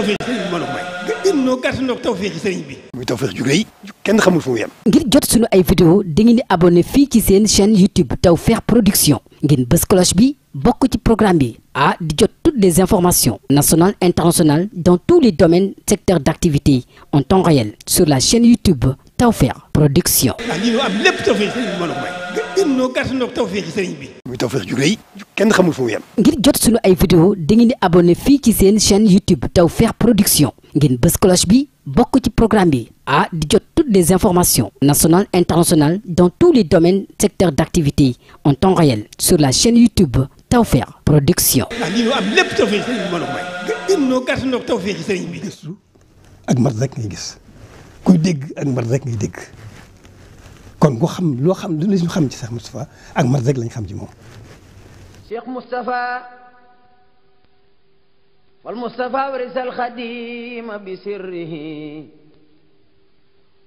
tawféex sëriñ bi mën a may. gën noo ngir jot sunu ay vidéo dangeen di abonné fii ci seen chaîne YouTube Tawfekh Production ngeen bës cloche bi bokk ci programme bi ah di jot toutes les informations nationales internationales dans tous les domaines secteurs d'activité en temps réel sur la chaîne YouTube. Tawfekh production. ah lii a may. gën noo ngir jot sunu ay vidéo dangeen di abonné fii ci seen chaîne YouTube Tawfekh production ngeen bës cloche bi bokk ci programme bi ah di jot toutes les informations nationales internationales dans tous les domaines secteurs d'activité en temps réel sur la chaîne YouTube Tawfekh production. ah lii loo am lépp tawfeer sëriñ bi a bi. ak mat rek ngay gis. kuy dégg ak mat rek ngay dégg kon ku xam loo xam lu ñu xam ci Cheikh Moustapha ak mat rek lañ xam ci moom. Cheikh Moustapha wal Moustapha warisal xadima bi sirrihi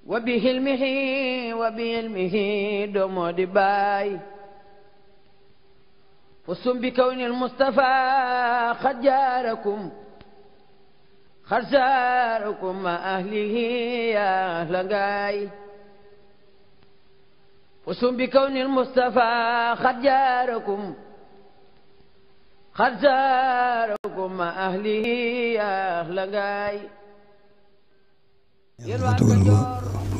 wa bi xilmihi wa bi ilmihi doomoo di baay fusum bi kawnil Moustapha xajaarakum xarsaarukum ahlihi ya ahla ngaay usum bi kawnil Mustafa xarjaarukum xarsaarukum ahlihi ya ahla ngaay yàlla dogal ma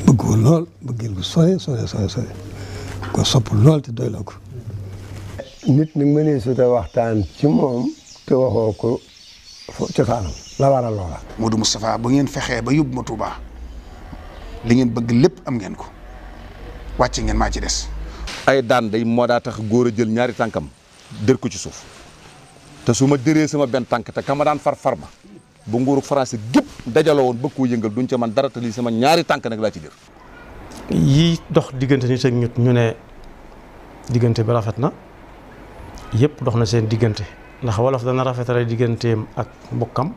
bëgg lool bëggil ko sore sore sore sore ko sopp lool te doyloo ko nit ni mënee suta waxtaan ci moom te waxoo ko cosaanam la waral loola. Modou Moustapha bu ngeen fexee ba yóbbu ma Touba li ngeen bëgg lépp am ngeen ko wàcce ngeen maa ci des. ay daan day moo daa tax góor a jël ñaari tànkam dër ko ci suuf te su ma dëree sama benn tànk te kama daan far far ma bu nguuru français gépp dajaloo woon bëgg koo yëngal duñ ca man dara te lii sama ñaari tànk nag laa ci dër. yii dox diggante nit ak ñut ñu ne diggante bi rafet na yëpp dox na seen diggante. ndax wolof dana rafetale digganteem ak mbokkam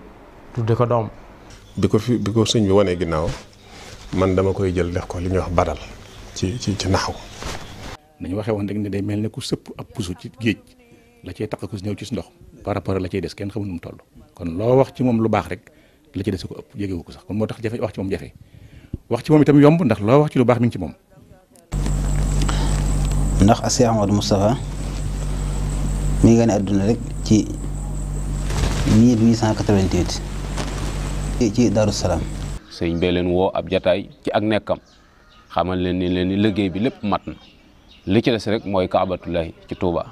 tudde ko doom bi ko fi bi ko sëñ bi wanee ginnaaw man dama koy jël def ko li ñuy wax badal ci ci ci naxaw waxee woon rek ne day mel ne ku sëpp ab puso ci géej la cay taq ko si ñëw ci ndox par rapport la cay des kenn xamul nu mu toll kon loo wax ci moom lu baax rek la ci des ko ëpp jegewu ko sax kon moo tax jafe wax ci moom jafe wax ci moom itam yomb ndax loo wax ci lu baax mi ci moom ndax Cheikh Amadou Moustapha mi ngi gane àdduna rek ci 1888 ci Daaru Salaam. sëñ leen woo ab jataay ci ak nekkam xamal leen ni leen ni liggéey bi lépp mat na li ci des rek mooy Kaabatullahi ci tuuba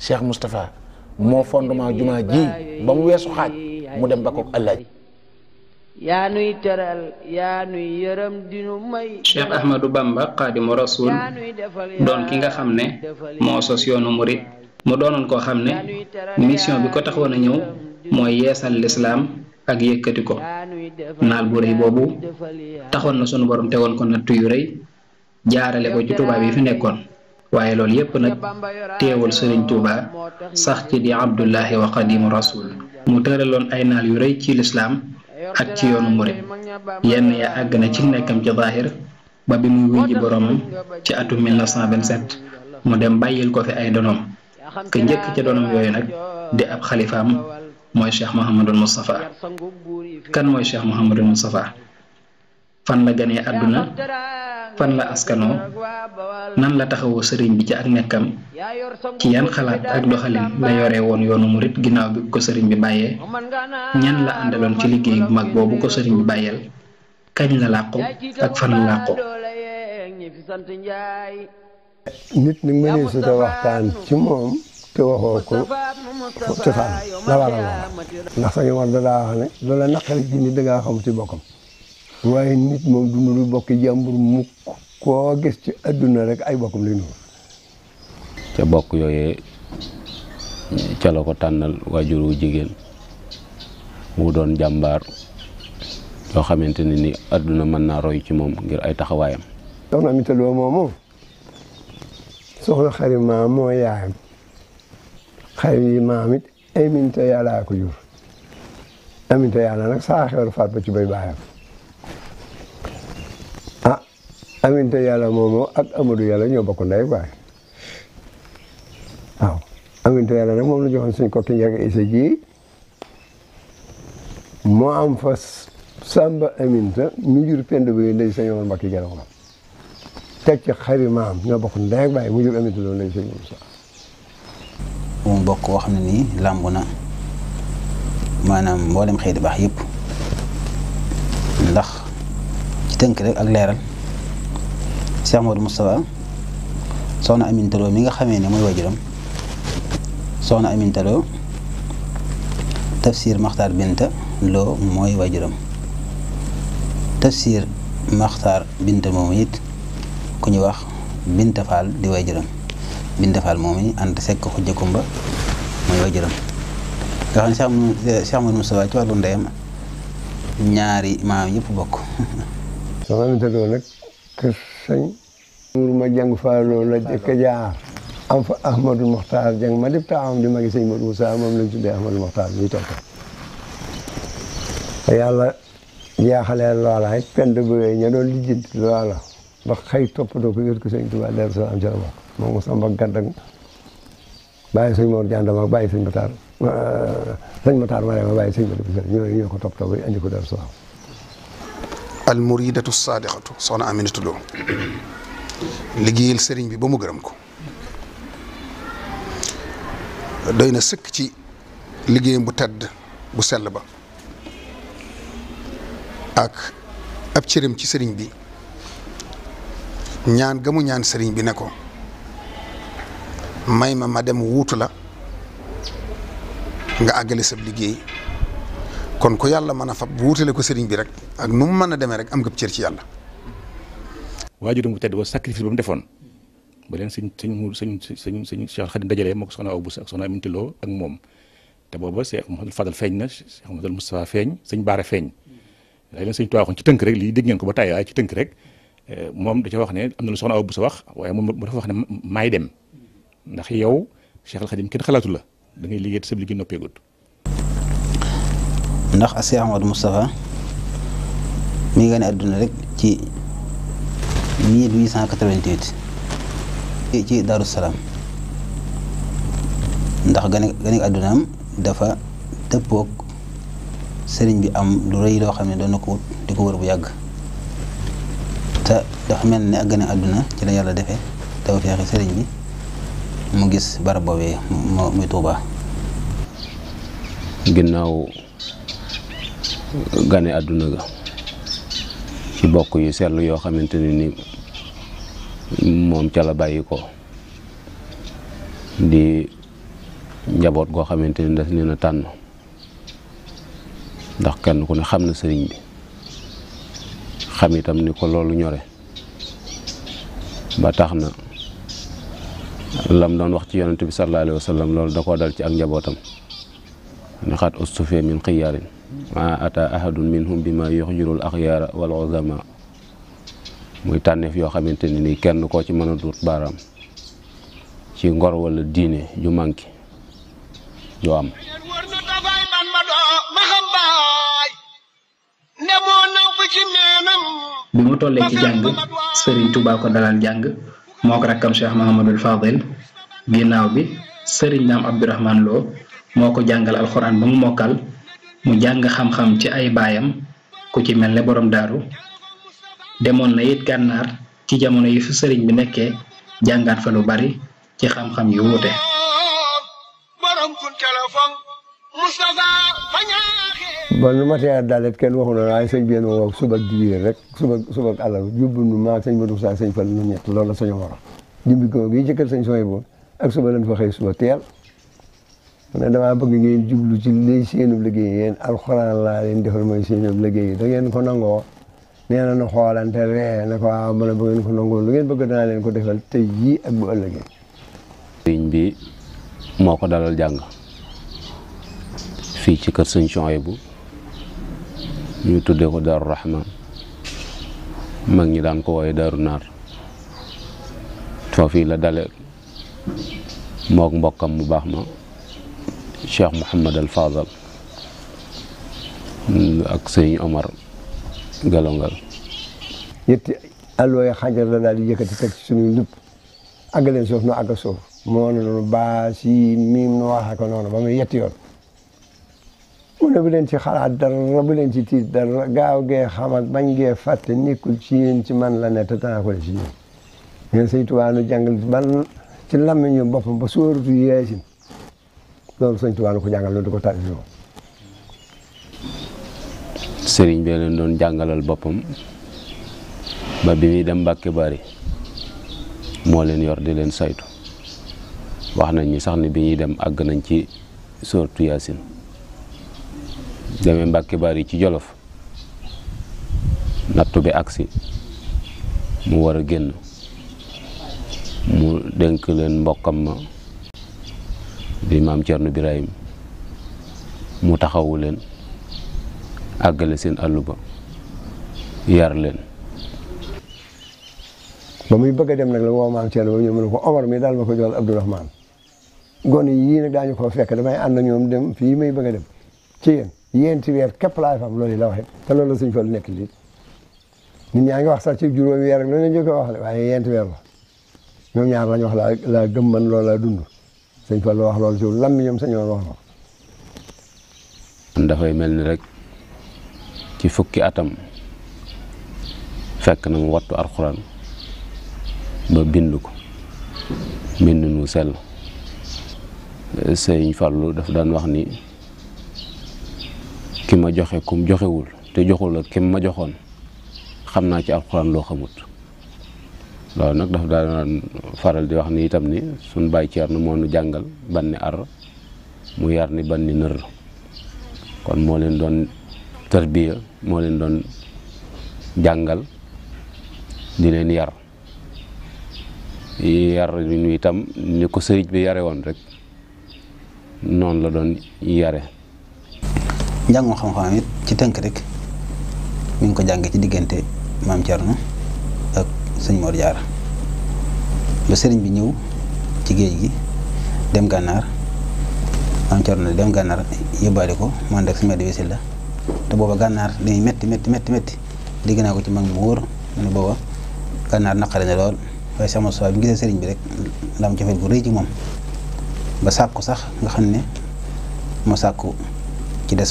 Cheikh Moustapha moo fondement jumaa ji ba mu weesu xaaj mu dem ba ko ëllëg. yaa nuy teral yaa nuy yërëm dinu may. Cheikh Ahmadou Bamba Xaadimu Rasuul doon ki nga xam ne moo sos yoonu mu doonoon koo xam ne mission bi ko taxoon a ñëw mooy yeesal lislaam ak yëkkati ko naal bu rëy boobu taxoon na sunu borom tegoon ko natt yu rëy jaarale ko ci tubaab yi fi nekkoon waaye loolu yépp nag teewul sëriñ Tuuba sax ci di Abdullahi wa Xadimu rasuul mu tëraloon ay naal yu rëy ci lislaam ak ci yoonu murit yenn ya àgg na ci nekkam ci zaahir ba bi muy wuy ji boroomam ci atum 1927 mu dem bàyyil ko fi ay donoom ka njëkk ca doonam yooyu nag di ab xalifaam mooy cheikh Mouhamadul Moustapha kan mooy cheikh Mouhamadul Moustapha fan la ganee àdduna fan la askanoo nan la taxawoo sëriñ bi ci ak nekkam ci yan xalaat ak doxalin la yore woon yoonu murit ginnaaw bi ko sëriñ bi bàyyee ñan la àndaloon ci liggéey bu mag boobu ko sëriñ bi bàyyeel kañ la làqu ak fan la làqu nit nag mënee su ta waxtaan ci moom te waxoo ko cosaan la war a lool ndax sañu war da daa wax ne loola naqari jinni da ngaa xam ci bokkam waaye nit moom du nuru bokki jàmbur mukk koo gis ci adduna rek ay bokkam li nuru ca bokk yooyee ca la ko tànnal waajur wu jigéen wu doon jàmbaar yoo xamante ne ni adduna mën naa roy ci moom ngir ay taxawaayam soxna mi tëloo moomu soxna xari maam moo yaayam xari maam it aminta yàllaa ko jur aminta yàlla nag saa xewar faat ba ci bay baayam ah aminta yàlla moomoo ak amadou yàlla ñoo bokk ndey baay waaw aminta yàlla nag moom la joxoon suñ kokki njaga isa ji moo am fa samba aminta mu jur pend bi ndey sa yoon mbakki jalaw teg ci xarit maam ñoo bokk ndey ak baay mu jur amit loolu lañ sëñ Moussa. mu bokk woo xam ne nii làmb na maanaam mboolem xëy di baax yépp ndax ci tënk rek ak leeral Cheikh Modou Moustapha soxna Aminta Lo mi nga xamee ne mooy wajuram soxna Aminta Lo Tafsir Makhtar Binta Lo mooy wajuram Tafsir Makhtar Binta moomu it. ku ñu wax Binta Fall di way jërëm Binta Fall moom i ànd sekk xujja kumba mooy way jërëm nga xam ne Cheikh mu Cheikh ñaari maam yëpp bokk fa Ahmadou ma def ta moom lañ tuddee Ahmadou Mokhtar bi yàlla jaaxaleel loola it pend bu ña doon lijjanti loola ba xëy toppatoo ko yor ko sëñ Tuubaa leer salaam ci la bokk moom Samba Gadda bàyyi sëñ Mor Dianda ma bàyyi sëñ Matar euh, sëñ Matar ma ne ma bàyyi sëñ Matar ñooñu ñoo ko toppatoo ba andi ko Daaru Salaam. al muridatu saadiqatu soxna Aminata Lo liggéeyal sëriñ bi ba mu gërëm ko doy na sëkk ci liggéeyam bu tedd bu sell ba ak ab cëram ci sëriñ bi. ñaan ga ñaan sëriñ bi ne ko may ma ma dem wuutu la nga àggale sab liggéey kon ku yàlla man a fab wuutale ko sëriñ bi rek ak nu mu mën a demee rek am nga cër ci yàlla. waajuram bu tedd ba sacrifice ba mu defoon ba leen sëñ sëñ sëñ sëñ sëñ Cheikh Xadim dajalee moo ko soxna Awa Bousso ak soxna Aminata Lo ak moom te booba Cheikh Mouhamadou feeñ na Cheikh Mouhamadou Moustapha feeñ sëñ Baara feeñ. dañ leen sëñ tuwaaxoon ci tënk rek lii dégg ngeen ko ba tàyyi waaye ci tënk rek. moom da ca wax ne am na lu soxna aw bu sa wax waaye moom dafa wax ne maay dem ndax yow Cheikh Al kenn xalaatu la da ngay liggéey te sa liggéey noppeegut ndax Cheikh Amadou Moustapha mi ngi ne àdduna rek ci 1888 ci Daaru Salaam ndax gane gane àddunaam dafa dëppoog sëriñ bi am lu rëy loo xam ne doon na ko di ko wër bu yàgg dafa mel ni ak gën àdduna ci la yàlla te tawfeexi sëriñ bi mu gis barab boobee muy Tuubaa ginnaaw gane àdduna ga ci bokk yu seetlu yoo xamante ni moom ca la bàyyi ko di njaboot goo xamante ni daf leen tànn ndax kenn ku ne xam na sëriñ bi xam tam ni ko loolu ñore ba tax na lam doon wax ci yonent bi sallallahu alayhi wa sallam loolu koo dal ci ak njabootam ne xat ustufe min xiyaarin ma ata ahadun minhum bima yuxjirul axyaara wal uzama muy tànneef yoo xamante ne ni kenn koo ci mën a duut baaraam ci ngor wala diine ju manqué ju am bi mu tollee ci jàng sëriñ Touba ko dalal jàng moo ko rakkam Cheikh Mahamadul Fadil ginnaaw bi sëriñ Daam Abdourahman Lo moo ko jàngal alxuraan ba mu mokkal mu jàng xam-xam ci ay baayam ku ci mel ni boroom daaru demoon na yit gànnaar ci jamono yi fi sëriñ bi nekkee jàngaat fa lu bari ci xam-xam yu wuute. bon nu ma tee a daal kenn waxu na waaye sëñ bi yéen a suba dibéer rek suba suba ak àllarba yóbbu nu maa sëñ Badou Sa sëñ Fall nu ñett loolu la suñu war a jimbi ko gi ci kër sëñ sooy ak suba lañ fa xëy suba teel mu ne damaa bëgg ngeen jublu ci lii seenub liggéey yéen alxuraan laa leen defal mooy seenub liggéey da ngeen ko nangoo nee na nu xoolante ree ne ko waaw mën a bu ko nangoo lu ngeen bëgg danaa leen ko defal tey jii ak bu ëllëgee bi moo ko dalal jàng fii ci kër sëñ Souhaïbou ñu tuddee ko daru Rahman mag ñi daan ko wooye Daaru Naar foofii la dale mook mbokkam mu baax ma Cheikh Mouhamad al Fadal ak sëñ Omar Galongal ñetti alooy xajar la daal di yëkkati teg ci suñu lépp àgg leen suuf nu àgg suuf moo noonu baa miim nu wax ak noonu ba muy yetti yoon mu ne leen ci xalaat dara bu leen ci tiit dara gaaw gee xam ak bañ gee fàtte nekkul ci yéen ci man la ne te danaa ko def ci yéen ñeen sëñ Tuubaa nu jàngal ban ci làmmiñu boppam ba sóoratu Yaasin loolu sëñ Tuubaa nu ko jàngal di ko tàggatoo sëriñ bi leen jàngalal boppam ba bi dem Mbàkke Bari moo leen yor di leen saytu wax nañ ñi sax bi ñuy dem àgg nañ ci sóoratu Yaasin demee Mbàkke Bari ci Jolof nattu bi agsi mu war a génn mu dénk leen mbokkam ma di maam Cerno Birahim mu taxawu leen àggale seen àllu ba yar leen ba muy bëgg a dem nag la woo maam Cerno ba ñu mën ko Omar mi daal ma ko jox Abdourahmane gone yii nag daañu ko fekk damay ànd na ñoom dem fii may bëgg a dem ci yéen yéenti weer képp laay fam loolu la waxe te loolu la suñ nekk lii nit ñaa ngi wax sax ci juróomi weer ak loolu la koy waxale waaye yéenti weer la ñoom wax laa laa gëm man loolu laa dund suñ fa lu wax loolu ci lam mi ñoom sañoon wax la kon dafay mel ni rek ci fukki atam fekk na mu wattu alxuraan ba bind ko bind nu sell sëñ Fallou daf daan wax ni ki ma joxe kum joxewul te joxul ak ki ma joxoon xam naa ci alxuraan loo xamut loolu nag dafa daan faral di ni itam ni suñ moo nu jàngal ban ni mu yar ni ban kon moo leen doon tarbiya moo leen doon jàngal di leen yar yar ñu itam ni ko sëriñ bi yare woon rek noonu la doon yare njàngum xam-xam it ci tënk rek mi ngi ko jàngee ci diggante maam Thierno ak sëñ Mor jaar ba sëriñ bi ñëw ci géej gi dem gànnaar maam Thierno dem gànnaar yóbbaale ko man rek suñu adivisi la te booba gànnaar dañuy métti métti métti métti dégg naa ko ci mag mu wóor mu ne booba gànnaar naqare na lool waaye sama soo bi gisee sëriñ bi rek la am cofeel gu rëy ci moom ba sàkku sax nga xam ne moo sàkku. ci des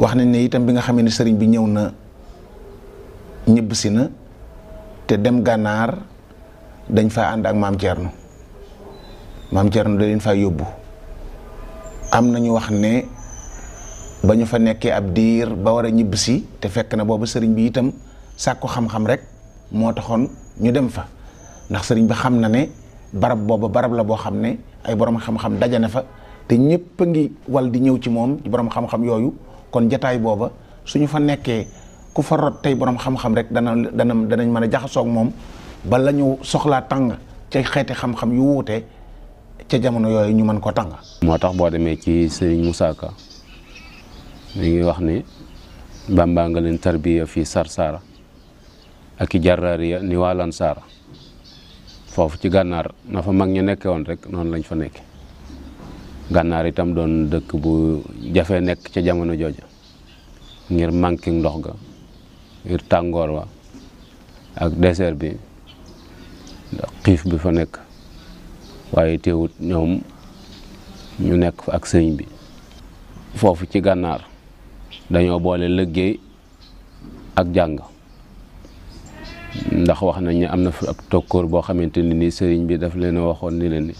wax nañ ne itam bi nga xamee ne sëriñ bi ñëw na ñibbisi na te dem gànnaar dañ fa ànd ak maam Thierno maam Thierno da leen faa yóbbu am na ñu wax ne ba ñu fa nekkee ab diir ba war a ñibb te fekk na boobu sëriñ bi itam sàkku xam-xam rek moo taxoon ñu dem fa ndax sëriñ bi xam na ne barab booba barab la boo xam ne ay borom xam-xam dajane fa te ñëpp a ngi wal di ñëw ci moom boroom xam-xam yooyu kon jataay booba su ñu fa nekkee ku fa rot tey boroom xam-xam rek dana dana danañ mën a jaxasoog moom ba la ñu soxlaa tàng ca xeeti xam-xam yu wuute ca jamono yooyu ñu mën ko tàng. moo tax boo demee ci sëriñ Moussa Ka ngi wax ni mbaam Bàmba nga leen tarbiya fii Sarsara ak i jarraariya ni waa saara foofu ci gànnaar na fa mag ñu nekke woon rek noonu lañ fa nekke gànnaar itam doon dëkk bu jafe nekk ca jamono jooja ngir manque ndox ga ngir tàngoor wa ak désert bi xiif bi fa nekk waaye teewut ñoom ñu nekk fa ak sëñ bi foofu ci gànnaar dañoo boole liggéey ak jàng ndax wax nañ ne am na fi ab tokkoor boo xamante ni nii sëriñ bi dafa leen waxoon ni leen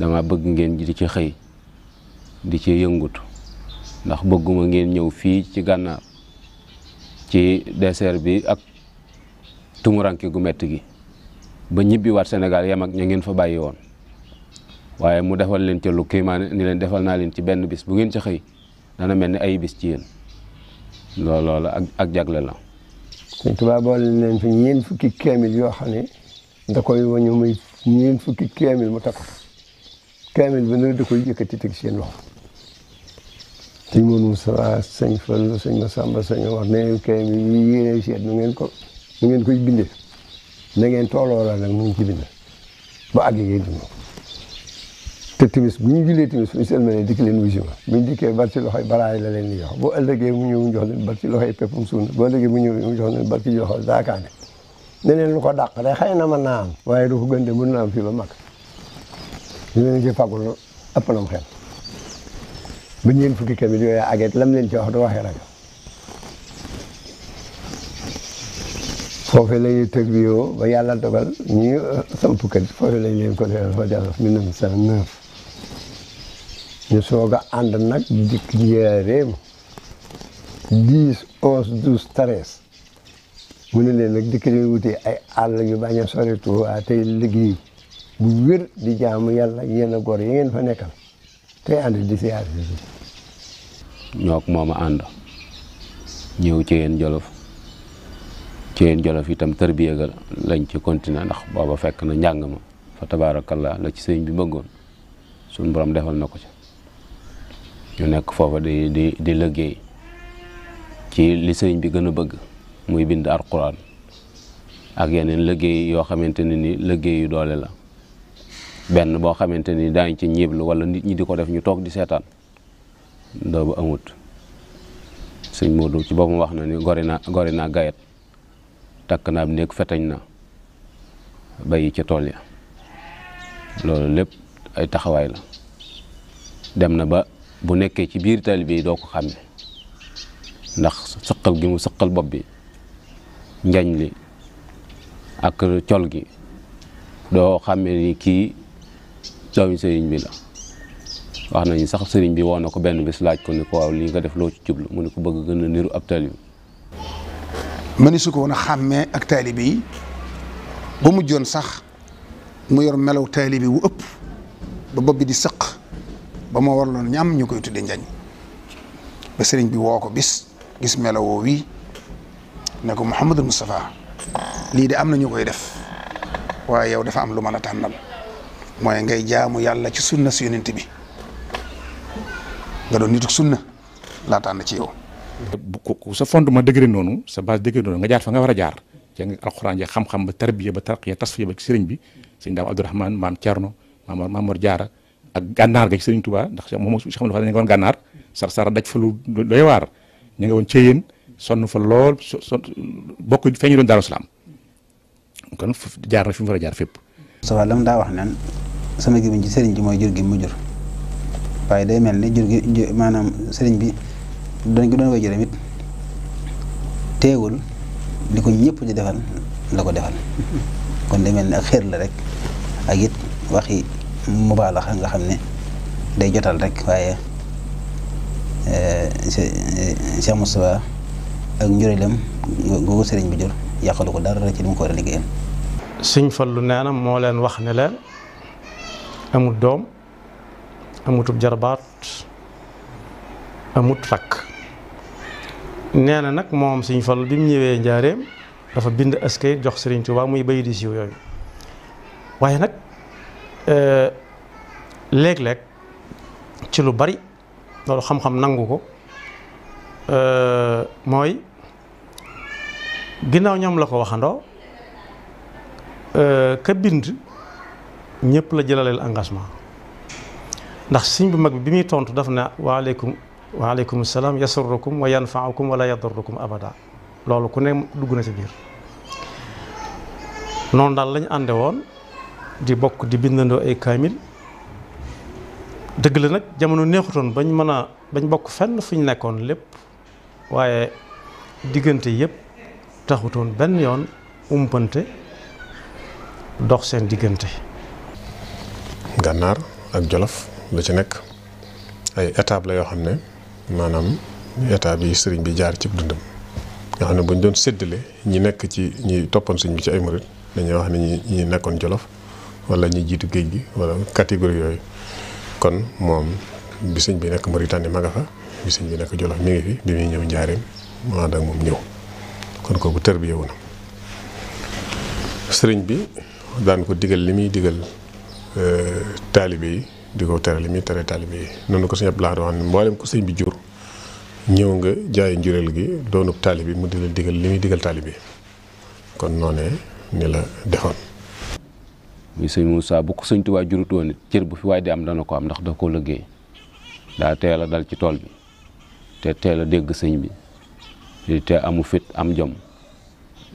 dama bëgg ngeen di ci xëy di ci yëngutu ndax bëgguma ngeen ñëw fii ci gànnaar ci désert bi ak tumuranke gu mett gi ba ñibbiwaat senegal yem ak ña ngeen fa bàyyi woon waaye mu defal leen ca lu kiimaane ni leen defal naa leen ci benn bis bu ngeen ci xëy dana mel ni ay bis ci yéen loolu loolu ak jagle la suñ tubaab leen fi ñeen fukki kéemil yoo xam ne da wañu muy ñeen fukki kéemil mu takk kaamil bi nag da koy yëkkati teg seen loxo sëñ Modou Moussa sëñ Fallu sëñ Massamba sëñ wax ne kaamil yi yéene seet nu ngeen ko nu ngeen koy bindee na ngeen tooloo la nag mu ngi ci bind ba àgg yéen dund te timis bu ñu jullee timis suñu sëlmalee dikk leen wuyu si ma bu ñu dikkee bar ci yi baraay la leen di jox bu ëllëgee mu ñëw mu jox leen bar ci loxoy peppum suuna bu ëllëgee mu ñëw mu jox leen bar ci loxoy daakaane ne leen lu ko dàq day xëy na mën naa am waaye fii ba mag li leen ci fagul ëpp na mu xel bu ñeen fukki kamit yooyu ak it lam leen ci wax du waxee rek foofee la ñuy tëg bi yow ba yàlla dogal ñi uh, samp kër foofee lañ leen ko defal fa jàll 1909 ñu soog a ànd nag dikk njaareem 10 11 12 13 mu ne leen nag dikk leen wuti ay àll yu bañ a sori Tuubaa tey liggéey bu wér di jaamu yàlla yéen a gor yi fa nekkal tey ànd di siyaare si ñoo moom a ànd ñëw ci jolof cëyeen jolof itam tarbiya ga lañ ci continuer ndax booba fekk na njàng ma fa tabaarakallaa la ci sëñ bi bëggoon suñ borom defal na ko ci ñu nekk foofa di di di liggéey ci li sëñ bi gën a bëgg muy bind alquran ak yeneen liggéey yoo xamante ne ni liggéeyu doole la benn boo xamante ni daañ ci ñiiblu wala nit ñi di ko def ñu toog di seetaan doobu amut sëñ Modou ci boppam wax na ni gori naa gori naa gayet takk naa am néeg fetañ na bayi ca tool ya loolu lépp ay taxawaay la dem na ba bu nekkee ci biir taalibe yi doo ko xàmme ndax sëqal gi mu sëqal bopp bi njañ li ak col gi doo xàmme ni kii doomi sëriñ bi la wax nañu sax sëriñ bi woo na ko benn bis laaj ko ni ko waaw lii nga def loo ci jublu mu ne ko bëgg gën a niru ab taalibe mëni su ko woon a xàmmee ak taalibe yi ba mu joon sax mu yor melaw taalibe wu ëpp ba bopp bi di sëq ba ma warloon ñam ñu koy tudde njañ ba sëriñ bi woo ko bis gis melawoo wii ne ko Mouhamadul Moustapha lii de am na ñu koy def waaye yow dafa am lu mën a tànnal mooy ngay jaamu yàlla ci sunna si yonent bi nga doon nituk sunna laataan na ci yow. ku sa fondement dëgëre noonu sa base dëgëre noonu nga jaar fa nga war a jaar ci alxuraan ja xam-xam ba tarbiya ba tarqiya tasfiya ba sëriñ bi sëriñ daam Abdourahmane maam Thierno maam Mamor Diarra ak gànnaar ga ci sëriñ Touba ndax moom si xam nga ne nga woon gànnaar sar sara daj fa lu doy waar ñu nga woon Ceyeen sonn fa lool son bokk feeñu doon Daaru Salaam kon jaar na fi mu war a jaar fépp. sa wàllam daa wax naan sama gémmiñ ci sëriñ bi mooy jur gi mu jur waaye day mel ni jur gi maanaam sëriñ bi doon gi doon koy jurem it li ko ñëpp di defal la ko defal kon day mel ni ak xéer la rek ak it waxi mubaalax nga xam ne day jotal rek waaye eh, eh, Cheikh Moustapha ak njuréelam googu sëriñ bi jur yàqalu ko dara ci li mu ko war a liggéeyal sëñ Fallu moo leen wax ne leen amut doom amutub jarbaat amut fakk nee na nag moom Sëriñ Fallu bi mu ñëwee njaareem dafa bind askay jox Sëriñ Tuubaa muy bay di siiw yooyu waaye nag euh, léeg-léeg ci lu bari loolu xam-xam nangu ko euh, mooy ginnaaw ñoom la ko waxandoo euh, ka bind ñëpp la jëlaleel engagement ndax sëñ bu mag bi bi muy tontu daf ne waaleykum waaleykum salaam yasurrukum wa yanfaukum wala yadurrukum abada loolu ku ne dugg na si biir noonu daal lañu ànde woon di bokk di bindandoo ay kaamil dëgg la nag jamono neexutoon bañ mën a bañ bokk fenn fu ñu nekkoon lépp waaye diggante yëpp taxutoon benn yoon umpante dox seen diggante gànnaar ak jolof lu ci nekk ay étape la yoo xam ne maanaam étape yi sëriñ bi jaar ci dundam nga xam ne bu ñu doon séddale ñi nekk ci ñi toppoon sëriñ bi ci ay murit dañuy wax ne ñi ñi nekkoon jolof wala ñi jiitu géej gi wala catégorie yooyu kon moom bi bi nekk Mauritanie ma nga bi sëñ nekk Jolof mi ngi fi bi muy ñëw njaareem mu ànd moom ñëw kon kooku tër bi sëriñ bi daan ko digal li muy digal Euh, taalibe yi di ko tere li muy tere taalibe yi noonu ko sëñ Abdou Lahad wax ne mboolem ko sëñ bi jur ñëw nga jaay njureel gi doonub taalibe mu di la diggal li muy digal taalibe kon noonee ni la defoon. muy sëñ Moussa bu ko sëñ Tuubaa jurut woon it cër bu fi waay di am dana ko am ndax da ko liggéey daa teel a dal ci tool bi te teel a dégg sëñ bi te amu fit am jom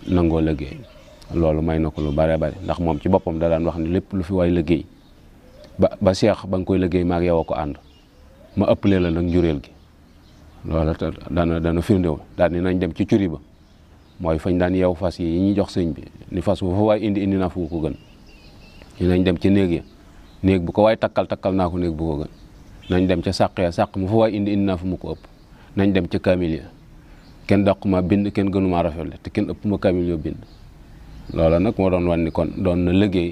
nangoo liggéey. loolu may na ko lu bare bare ndax moom ci boppam da daan wax ni lépp lu fi waay liggéey ba ba seex ba nga koy liggéey maag yow ko ànd ma ëppalee la nag njureel gi loola dana dana firndéw daal ni nañ dem ci curi ba mooy fañ daan yeew fas yi ñuy jox sëñ bi ni fas bu fa waay indi indi na fu ko gën nañ dem ci néeg ya néeg bu ko waay takkal takkal naa ko néeg bu ko nañ dem ca sàq ya sàq mu fo waay indi indi naa fu mu ko ëpp nañ dem ca kaamil ya kenn dàqu ma bind kenn gënu maa rafetle te kenn ëpp ma kaamil bind loola nag moo doon wan ni doon na liggéey